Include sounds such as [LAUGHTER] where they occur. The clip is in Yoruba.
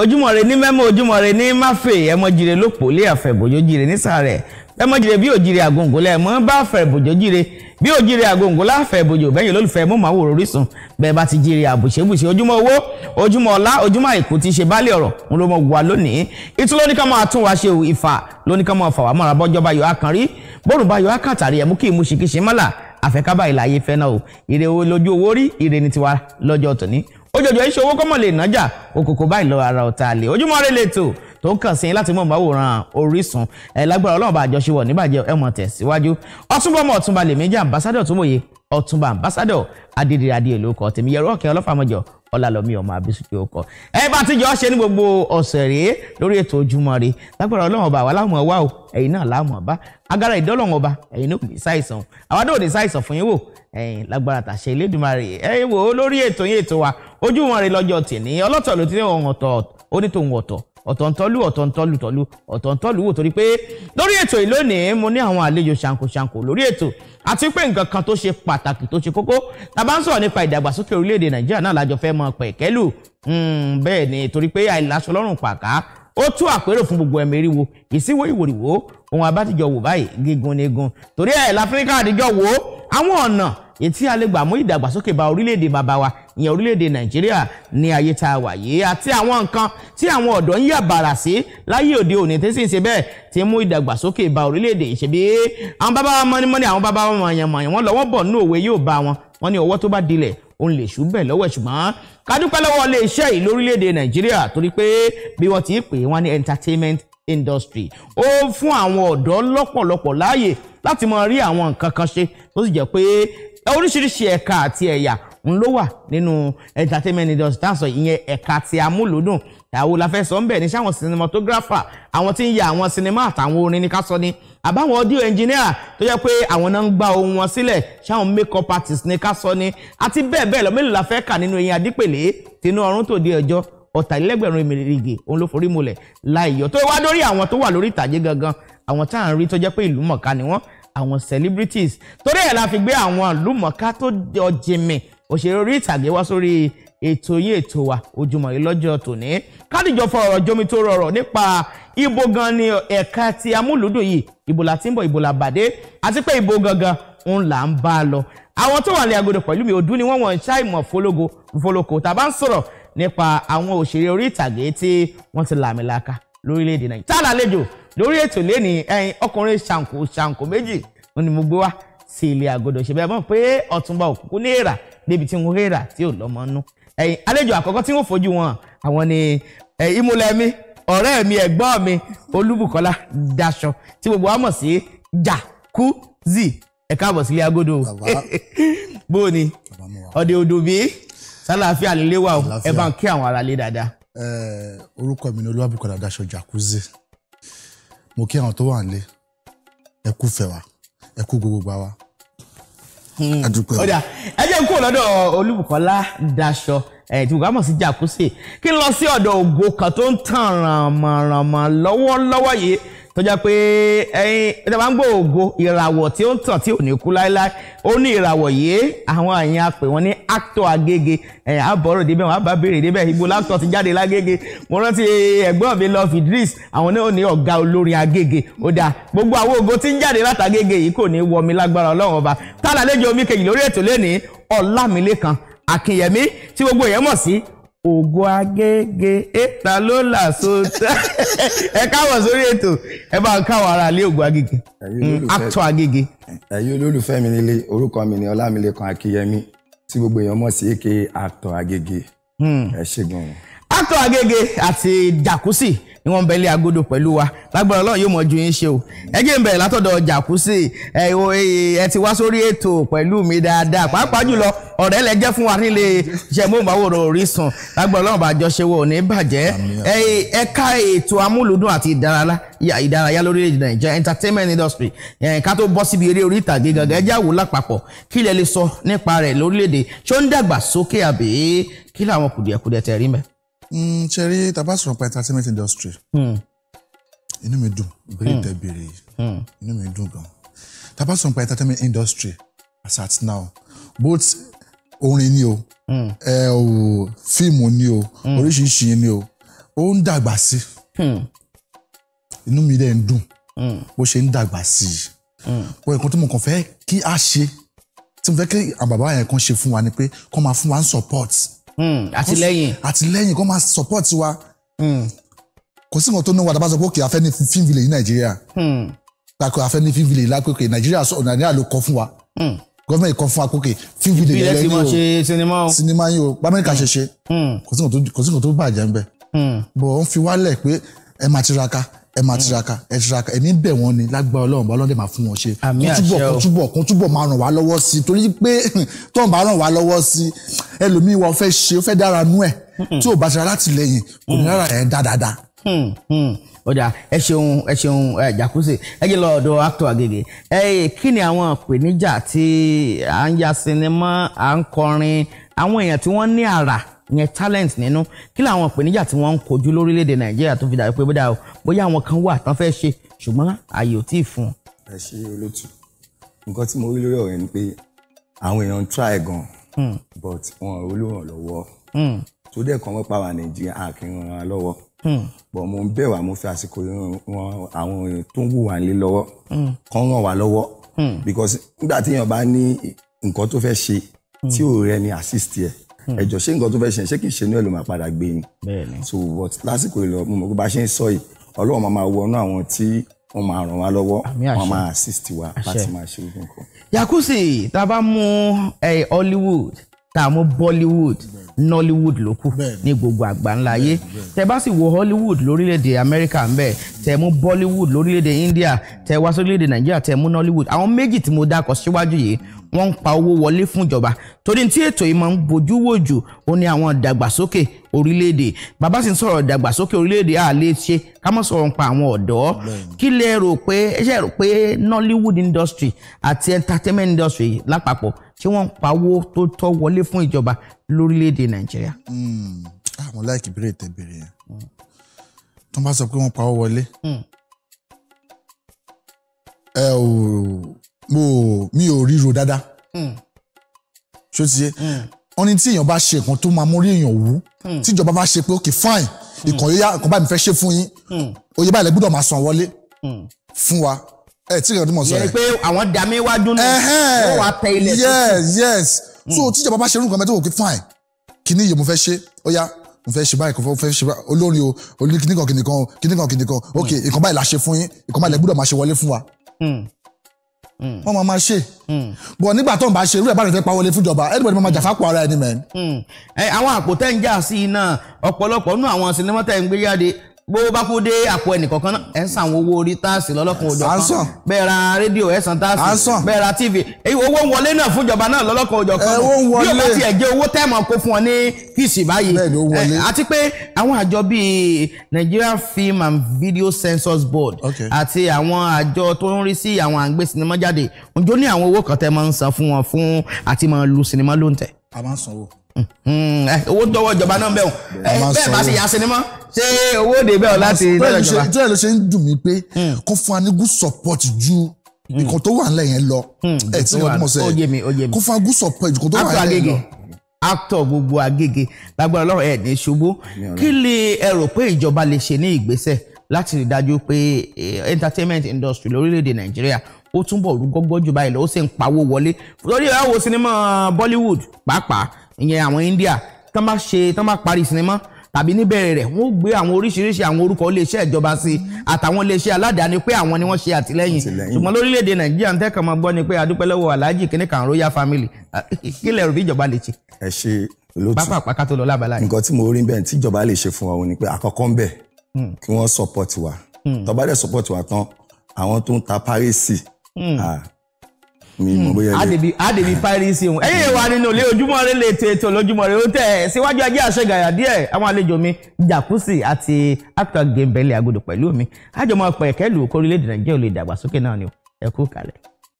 ojúmọ́ re ní mẹ́mọ́ ojúmọ́ re ní máfè ẹmọ́jire lópò lé àfẹ̀bòjójire nísàrẹ̀ ẹmọ́jire bí òjire àgòǹgò lẹ́ẹ̀mọ́ bá àfẹ̀bòjójire bí òjire àgòǹgò láfẹ̀bòjò bẹ́yìn olólùfẹ́ mọ́ màá wòrò Orísun bẹ́ẹ̀ bá ti jire àbùṣebùṣe ojúmọ́ owó ojúmọ́ ọlá ojúmọ́ àìkú ti ṣe báálẹ̀ ọ̀rọ̀ ń ló mọ wà lónìí ìtú lóníkà máa tún wá ṣe ìfà lóníkà máa fà wá mọ́ra bọ́jọ́ báyọ̀ akànrí bọ́ọ̀rù báyọ̀ akàtàrí ẹ̀mú kí ìmúṣikíṣe mọ́là àfẹ́kábàyìí láyé fẹ́ náà o ire lójú owó rí ire ní tiwa lọ́jọ́ tòní ojoojú ẹ̀ ń ṣòwò kọ́mọ̀ lè nájà òkòkò báyìí lọ ara ọ̀tá àlè Ojúmọ́ Ire lètò tó ń kàn sí yín láti mọ̀ bá wòran Orísun ẹ̀ lágbára Ọlọ́run bá àjọṣewọ̀ níbàjẹ́ ẹ̀ mọ̀ tẹ̀síwájú ọ̀túnbọ̀ ọmọ ọ̀túnba lèmi jẹ́ àmbásádọ̀ tó mòye ọ̀túnba àmbásádọ̀ adédèrè adé ìlú kọ tèmi yẹrù ọ̀kẹ́ ọlọ́fàmọ́jọ ọlálọ́mí ọmọ abisuki ọkọ ẹ bá ti jọ ṣe ní gbogbo ọ̀sẹ̀ rèé lórí ètò Ojúmọ́ Ire lágbára Ọlọ́run ọba àwa láwọn wá o ẹ̀yin náà láwọn ọba agara ìdọ́lọ́run ọba ẹ̀yin náà kò ní ṣàìsàn àwọn àdóòdì ṣàìsàn fún yín wò ẹ̀yin lágbára tàṣẹ Elédùmarè ẹ wò ó lórí ètò yín ètò wa Ojúmọ́ Ire lọ́jọ́ tèmi ọlọ́tọ̀ ló ti ní ohun ọ̀tọ̀ onítòhun ọ̀tọ̀ ọ̀tọ̀ntọ́lù ọ̀tọ̀ntọ́lùtọ́lù ọ̀tọ̀ntọ́lù wò torí pé lórí ètò yìí lónìí mo ní àwọn àlejò ṣàǹkóṣàǹkó lórí ètò àti pé nǹkan kan tó ṣe pàtàkì tó ṣe kókó tá a bá ń sọ̀rọ̀ nípa ìdàgbàsókè orílẹ̀-èdè Nàìjíríà náà lájọ fẹ́ mọ pẹ̀kẹ́lù hmm, bẹ́ẹ̀ ni torí pé àìláṣọ lọ́rùn pàká ó tú àpérò fún gbogbo ẹ̀mí ríwo ìsíwò ìwòrìwò ohun abátijọ́ wò báyìí gígun ní gun torí ẹ̀ láfíríkà àdíjọ́ wò ó àwọn ọ̀nà ètí a lè gbà mú ìdàgbàsókè bá orílẹ̀-èdè bàbá wa ìyẹn orílẹ̀-èdè nàìjíríà ní ayé tá a wà yìí àti àwọn nǹkan tí àwọn ọ̀dọ́ ń yà bàrà sí láyé òde òní tí sì ń ṣe bẹ́ẹ̀ ti mú ìdàgbàsókè bá orílẹ̀-èdè yìí ṣe bí àwọn bàbá wa mọ́nímọ́ní àwọn bàbá wa mọ̀nyànmọ̀nyàn wọn lọ́wọ́ bọ̀ nínú òwe yóò bá wọn wọn ní ọwọ́ tó bá dilẹ̀ òun lè ṣú bẹ́ẹ̀ lọ́wọ́ ṣùgbọ́n ká dúpẹ́ lọ́wọ́ ilé iṣẹ́ yìí lórílẹ̀‐èdè nàìjíríà torí pé bí wọ́n ti ń pè wọ́n ní entertainment industry ó fún àwọn ọ̀dọ́ lọ́pọ̀lọpọ̀ láàyè láti máa rí àwọn nǹkan kan ṣe tó sì jẹ́ pé oríṣiríṣi ẹ̀ka àti ẹ̀yà ń ló wà nínú entertainment industry tá à ń sọ ìyẹn ẹ̀ka ti amúlùúdùn àwọn la fẹ́ sọ ń bẹ̀ ní sáwọn cinematographer àwọn tí ń ya àwọn sinimá àtàwọn orin ní ká sọ ni àbáwọn audio engineer tó jẹ́ pé àwọn náà ń gba ohun wọn sílẹ̀ sáwọn makeup artist ní ká sọ ni àti bẹ́ẹ̀ bẹ́ẹ̀ lọ mélòó la fẹ́ kà nínú eyín adípèlé tinú ọrún tòde ọjọ́ ọ̀tàlélẹ́gbẹ̀rún mèrègè òun ló forí mulẹ̀ láìyọ̀ tó wá lórí àwọn tó wà lórí ìtàgé gangan àwọn tá à ń rí tó jẹ́ pé ìlú mọ̀ká ni wọ́n àwọn celebrities torí ẹ̀ la fi gbé àwọn ìlú mọ̀ká tó jọ jìnmì òṣèré orí ìtàgé wá sórí ètò yín ètò wa ojúmọ́ yìí lọ́jọ́ tòní kádìjọ fọ ọ̀rọ̀ jomi tó rọrọ̀ nípa ibo gan ni ẹ̀ka ti amúlùúdùn yìí ibo la ti ń bọ̀ ibo la bàdé àti pé ibo gangan ń là ń bá a lọ àwọn tó wà ní agodo pẹ̀lú mi òdú ni wọ́n wọ̀n ṣá ìmọ̀ fólógo fólóko tàbá ń sọ̀rọ̀ nípa àwọn òṣèré orí ìtàgé tí wọ́n ti làmìlaka lórílẹ̀‐èdè nàìjíríà tá lórí ètò lẹ́ni ẹyin ọkùnrin ṣàǹkó ṣàǹkó méjì wọn ni mo gbé wá sí ilé àgọdọ ṣe bẹ́ẹ̀ mọ̀ pé ọ̀túnba òkùnkùn ní èrà níbi tí wọn èrà tí ò lọ́mọ nú ẹyin àlejò àkọ́kọ́ tí wọn fojú wọn àwọn ni ìmúlẹ̀mí ọ̀rẹ́ mi ẹ̀gbọ́n mi olúbùkọ́lá daṣọ tí gbogbo wa mọ̀ sí jacuzzi ẹ káàbọ̀ sílé agodo [LAUGHS] bóòni ọ̀dẹ̀ odò bí sálàáfíà lélẹ́wà ẹ bá ń kí àwọn aráalé dáadáa. orúkọ mi ni olúwàbùkọ́lá daṣọ jacuzzi mo kí àwọn tó wà nílé ẹ kú fẹ́ wa ẹ kú gbogbo gbà wa. Hmm. adúpẹ́ o. ọ̀dà ẹ jẹ́ kó lọ́dọ̀ Olúbùkọ́lá Daṣọ tí bùkọ́ mọ̀ sí jàkúsì kí n lọ sí ọ̀dọ̀ ògo kan tó ń tàn ràmọ̀ràmọ̀ lọ́wọ́lọ́wọ́ yìí tó jẹ́ pé ẹ̀yin ẹ̀ta máa ń gbọ́ ògo ìràwọ̀ tí ó ń tàn tí ò ní kú láéláé ó ní ìràwọ̀ yìí àwọn àyìn apè wọn ní actor agége ẹ̀yìn àbọ̀rọ̀ débẹ̀ wọn àbá béèrè débẹ̀ ibo láktọ̀ ti jáde lágége mo rántí ẹ̀gbọ́n mi lọ fìdírís àwọn náà ní ọ̀gá olórin agége ó dáa gbogbo àwọn ògo tí ń jáde látàgége yìí kò ní wọmi lágbára ọlọ́run ọba tálàlejò omi kejì lórí ètò lénìí Ọlámilékan Akínyẹmí tí gbogbo ògo agége eh, ta ló là so [LAUGHS] ẹ káwọ sórí ètò ẹ bá ń káwọ ara ilé ògo agége hmm, actọ agége. ẹ̀yin olólùfẹ́ mi nílé orúkọ mi ni ọlámilékan akínyẹmí tí gbogbo èèyàn mọ̀ sí èké actọ agége hmm. ẹ ṣe gan Dr Agege àti Jàkúsì ni wọ́n ń bẹ ilé agodo pẹ̀lú wa lágbára ọlọ́run yóò mọ̀ ju yín ṣe o ẹ jẹ́ ń bẹ̀rẹ̀ látọ̀dọ̀ Jàkúsì e, ẹ ti wá sórí ètò pẹ̀lú mi dáadáa pàápàá jùlọ ọ̀rẹ́ lẹ jẹ́ fún wa nílé ìṣẹ̀mọ́bàwòrán Orísun lágbára ọlọ́run bàjọ́ ṣe wò ní bàjẹ́ ẹ̀ka ètò amúlùdùn àti ìdárayá lórílẹ̀‐èdè Nàìjíríà entertainment industry ká tó bọ́ síbi eré orí ìtàgé gàgà ẹjẹ́ àwò lápapọ̀ kí lẹ lè sọ nípa rẹ̀ lórílẹ̀‐èdè ṣó ń dàgbà sókè àbí kí làwọn kùdìẹ̀kùdìẹ̀ tẹ̀ mẹ́. Mm, ṣe rí tàbá pa entertainment industry hmm. inú mi dùn ìbéèrè hmm. tẹ́ béèrè hmm. inú mi dùn gan tàbá sọ̀rọ̀ pa entertainment industry as at now both orin ni o ẹ o fíìmù ni o oríṣiríṣi ni o ó ń dàgbà sí inú mi dẹ̀ ń dùn bó ṣe ń dàgbà sí i wọ́n ẹ̀kan tó mọ̀ kàn fẹ́ kí a ṣe tí mo fẹ́ kí àwọn yẹn kan ṣe fún wa ni pé kó máa fún wa ń support. Hmm, àtìlẹ́yìn àtìlẹ́yìn kó máa support wa hmm. kò sí nǹkan tó ní wa dábàá sọ pé òkè afẹ́ ní film village ní nàìjíríà lákò hmm. afẹ́ ní film village lákò òkè nàìjíríà sọ nàìjíríà ló kọ́ fún wa gọ́ọ̀mẹ̀ntì kọ́ fún wa òkè film village lẹ́yìn o ìpínlẹ̀ ti sinimá yìí o pamẹ́ríkà ṣe ṣe kò sí nǹkan tó bàjẹ́ ń bẹ̀ bọ̀ wọ́n fi wálẹ̀ pé ẹ máa tiraka ẹ máa tiraka ẹ tiraka ẹ̀mí bẹ̀ wọ́n ni lágbára ọlọ́run bá ọlọ́run dẹ̀ máa fún wọn ṣe kó túbọ̀ kó túbọ̀ kó túbọ̀ máa ràn wá lọ́wọ́ sí i torí pé [LAUGHS] tóun bá ràn wá lọ́wọ́ sí i ẹlòmíì wa fẹ́ ṣe ó fẹ́ dára nú ẹ̀ tí ò bá ṣe alátìlẹyìn kò ní rárá ẹ̀ dáadáa. Hmm, hmm. ó dà ẹ ṣeun ẹ ṣeun ẹ jàkúsì ẹ jẹ́ lọ ọ̀dọ̀ actor Agege ẹ kí ni àwọn ìpèníjà tí à ń ya sinimá à ń kọrin àwọn èèyàn tí wọ́n ní àrà yẹn talent nínú kí làwọn ìpèníjà tí wọ́n ń kojú lórílẹ̀‐èdè nàìjíríà tó fi dàbí pé bóyá bóyá àwọn kan wà tán fẹ́ ṣe ṣùgbọ́n ààyè ò tí ì fún un. ẹ ṣe olótú nǹkan tí mo rí lórí ọ̀rẹ́ ni pé àwọn èèyàn ń try gan hmm. but wọn ò lórànlọ́wọ́ hmm. tó dẹ̀ kàn wọ́n pàwọn nàìjíríà àkìrìn wọn lọ́wọ́ hmm. But mo ń bẹ̀ wá mo fi àsìkò wọn àwọn èèyàn tó ń wù wá nílé lọ́wọ́ kàn ràn wá lọ́wọ́ because nígbà tí èèyàn bá ní nǹkan tó fẹ́ ṣe tí ò rẹ ni assist yẹ Hmm. ẹjọ ṣé nǹkan tó fẹ́ ṣe ṣé kì í ṣe inú ẹ̀ ló gbé ni so but lásìkò ìlọ mo mọ̀ pé bá ṣe ń sọ yìí ọlọ́run máa máa wọnú àwọn tí wọ́n máa ràn wá lọ́wọ́ wọ́n máa assist wa láti máa ṣe ogun kan. yakusi tá a bá mú Hollywood tá a mú Bollywood Nollywood ló kù ní gbogbo àgbáńlá ayé tẹ bá sì wo Hollywood lórílẹ̀ America, Amẹ́ríkà ń bẹ̀ tẹ mú Bollywood lórílẹ̀ India tẹ wá sórílẹ̀‐èdè Nàìjíríà tẹ mú Nollywood àwọn méjì tí mo dákọ̀ síwájú yìí wọ́n ń pa owó wọlé fún ìjọba torí tí ètò yìí máa ń bojú wò jù ó ní àwọn ìdàgbàsókè orílẹ̀-èdè bàbá sì ń sọ̀rọ̀ ìdàgbàsókè orílẹ̀-èdè à lè ṣe ká mọ̀ sọ̀rọ̀ nípa àwọn ọ̀dọ́ kí lẹ rò pé ẹ ṣe rò pé Nollywood industry àti entertainment industry lápapọ̀ tí wọ́n ń pawó tó tọ́ wọlé fún ìjọba lórílẹ̀-èdè Nàìjíríà. àwọn láìkí bèrè tẹ bèrè yẹn tó bá sọ pé wọ́n pawó wọlé hmm. ẹ ò mo mi ò ríro dada. Hmm. ṣó ti yé hmm. wọn ní tí èèyàn bá ṣe nǹkan tó máa mórí èèyàn wú hmm. tíjọba bá ṣe pé ok fine ìkàn yóò yá nǹkan báyìí mi fẹ́ ṣe fún yín oyè báyìí lẹ gbọ́dọ̀ máa san wọlé fún wa ẹ tí ìrìn ọdún mọ̀ sọ yẹ pé àwọn dàmí wá dún ní wọn wá tẹ ilẹ̀ tuntun. yes yes so tíjọba bá ṣe irú nǹkan mẹ́tò òkè fine kíní iye mo fẹ́ ṣe ó yá mo fẹ́ ṣe báyìí mo fẹ́ ṣe báyìí olórin o olórin kíníkan kíníkan kíníkan kíníkan ok ìkàn báyìí la ṣe fún yín ìkàn báyìí lẹ gbọ́dọ̀ máa ṣe Mm. wọ́n máa ma ṣe mm. bọ̀ nígbà tó ń bá ṣe irú ẹ̀ bá rẹ̀ fẹ́ pawọlé fúnjọba anybody máa ma jàfá pọ̀ ara ẹni mẹ́rin. Mm. Eh, àwọn àpò tẹ́ ń jà sí iná ọ̀pọ̀lọpọ̀ nú àwọn sinimá tẹ́ ń gbé jáde bó bá kú dé àpò ẹnìkọ̀ọ̀kan náà ẹ̀ ń san àwọn owó orí táàsì lọ́lọ́kan òjọ̀ kan bẹ́ẹ̀ ra rédíò ẹ̀ san táàsì bẹ́ẹ̀ ra tv èyí owó ń wọlé náà fúnjọba náà lọ́lọ́kan òjọ̀ kan bí o bá tiẹ̀ jẹ́ owó tẹ́ẹ̀mọ̀ kó fún ọ ní kìsì báyìí àti pé àwọn àjọ bíi Nigerian Film and Video Censors Board àti àwọn àjọ tó ń rí sí àwọn àgbẹ̀ sinimá jáde ǹjọ́ ní àwọn owó kan tẹ́ máa ń san fún wọn fún àti máa lu sinimá lóǹtẹ̀. a máa ń sanwó Hmm, eh, owó tọwọ́ ìjọba náà bẹ̀ wọ́n bẹ́ẹ̀ bá sì yà sinimá ṣé owó òde bẹ́ẹ̀ láti lọ́jọ́ ìjọba. tí ẹ ló ṣe ń dùn mí pé hmm. kó fún anigun support ju hmm. nǹkan tó wà nílẹ̀ yẹn lọ ẹ eh, tí wọ́n mọ̀ sẹ́ kó fún anigun support ju nǹkan tó wà nílẹ̀ yẹn lọ. actor gbogbo Agége lágbára Ọlọ́run ẹ̀ ní ṣubú kí lè ẹ rò pé ìjọba lè ṣe ní ìgbésẹ̀ láti rí dájú pé eh, entertainment industry lórílẹ̀‐èdè Nàìjíríà ó túnbọ̀ rú gọ́gọ́ jù báyìí lọ ó sì ń pawó wọlé torí ẹ wo sinimá Bollywood pàápàá ìyẹn àwọn India tán bá ṣe tán bá parí sinimá tàbí níbẹ̀rẹ̀ rẹ̀ wọ́n gbé àwọn oríṣiríṣi àwọn orúkọ iléeṣẹ́ ìjọba sí àtàwọn iléeṣẹ́ aládàáni pé àwọn ni wọ́n ṣe àtìlẹ́yìn ṣùgbọ́n lórílẹ̀‐èdè nàìjíríà ń tẹ́kàn máa gbọ́ ni pé adúpẹ́ lọ́wọ́ aláàjì kìnnì kan royal family kílẹ̀ rò bí ìjọba lè ṣe. ẹ ṣe lótú pápá àpáká tó lọ lábala yìí. nǹkan tí mo rí bẹ́ẹ̀ tí ìjọba lè ṣe fún wa ni pé àkọ́kọ́ ń bẹ̀ hmm. kí wọ́n support wa hmm. tó dẹ̀ support wa tán àwọn tó ń ta párísì hmm mi mọ hmm. bi ilé. àdèbí pàrísì òun ẹ̀yin ìwà nínú ilé ojúmọ́ rẹ to. tẹ ètò lójúmọ́ rẹ ó tẹ ẹ síwájú ajé àṣegàyà díẹ̀ àwọn àlejò mi jacuzzi àti actual game bẹẹlí agodo pẹ̀lú mi àjọmọ pẹkẹlù kórílẹ̀èdè nàìjíríà olè ìdàgbàsókè náà ni ẹ kú kalẹ̀.